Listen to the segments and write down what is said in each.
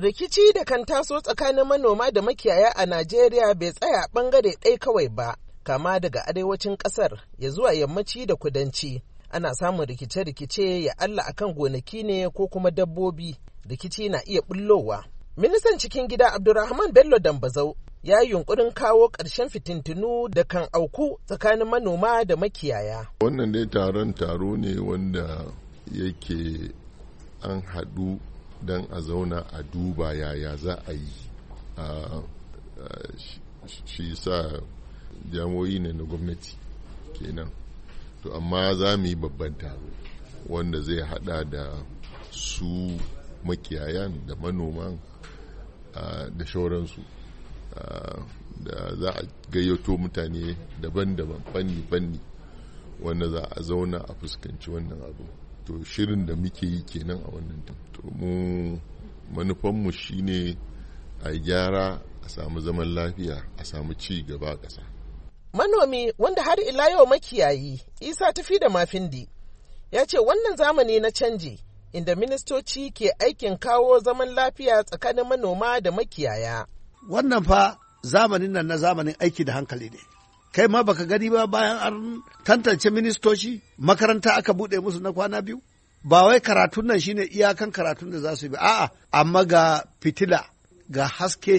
rikici da kan taso tsakanin manoma da makiyaya a najeriya bai tsaya bangare ɗaya kawai ba kama daga arewacin ƙasar ya zuwa yammaci da kudanci ana samun rikice-rikice ya allah akan gonaki ne ko kuma dabbobi rikici na iya bullowa ministan cikin gida abdurrahman bello dambazau ya yunkurin kawo ƙarshen fitintunu da kan auku tsakanin manoma da makiyaya wannan dai taron taro ne wanda yake an haɗu don a zauna a duba yaya za a yi shi sa jamoyi ne na gwamnati kenan to amma za mu yi babban taro wanda zai hada da su makiyayan da manoman da shauransu da za a gayyato mutane daban-daban fanni-fanni wanda za a zauna a fuskanci wannan abu to shirin da muke yi kenan a wannan to mu manufanmu shine a gyara a samu zaman lafiya a samu ci gaba ƙasa manomi wanda har ila yau makiyayi isa tafi da mafindi ya ce wannan zamani na canji inda ministoci ke aikin kawo zaman lafiya tsakanin manoma da makiyaya wannan fa zamanin nan na zamanin aiki da hankali ne kai ma baka gani ba bayan an tantance ministoci makaranta aka buɗe musu na kwana biyu ba wai karatun nan shine iyakan karatun da za su bi a'a amma ga fitila ga haske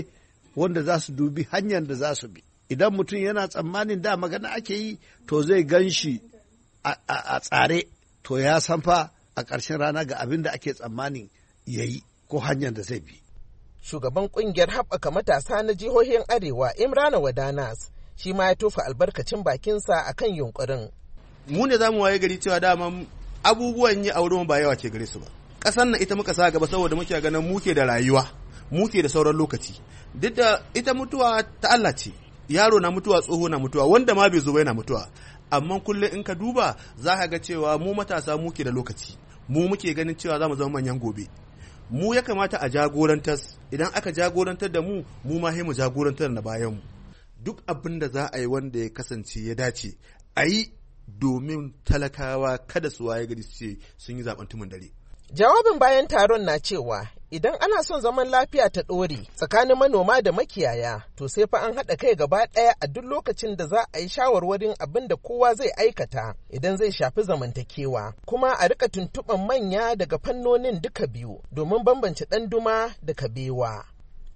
wanda za su dubi hanyar da za su bi idan mutum yana tsammanin da magana ake yi to zai ganshi a tsare to ya san fa a ƙarshen rana ga abin da ake tsammanin ya yi ko hanyar da zai bi. Shugaban ƙungiyar haɓaka matasa na jihohin Arewa Imrana Wadanas shi ma ya tofa albarkacin bakinsa a kan yunkurin. mu ne za mu waye gari cewa dama abubuwan yi a wurin ba yawa ke gare su ba Ƙasan na ita muka sa gaba saboda muke ganin muke da rayuwa muke da sauran lokaci duk da ita mutuwa ta Allah ce yaro na mutuwa tsoho na mutuwa wanda ma bai zo ba yana mutuwa amma kullum in ka duba za ka ga cewa mu matasa muke da lokaci mu muke ganin cewa za mu zama manyan gobe mu ya kamata a jagorantar idan aka jagorantar da mu mu ma mu jagorantar na bayan mu duk abin da za a yi wanda ya kasance ya dace a yi domin talakawa kada su waye gari ce sun yi zaben tumin dare Jawabin bayan taron na cewa idan ana son zaman lafiya ta ɗore tsakanin manoma da makiyaya to sai fa an haɗa kai gaba ɗaya a duk lokacin da za a yi shawarwarin abin da kowa zai aikata idan zai shafi zamantakewa kuma a rika tuntuɓan manya daga fannonin duka biyu domin bambance ɗanduma da kabewa.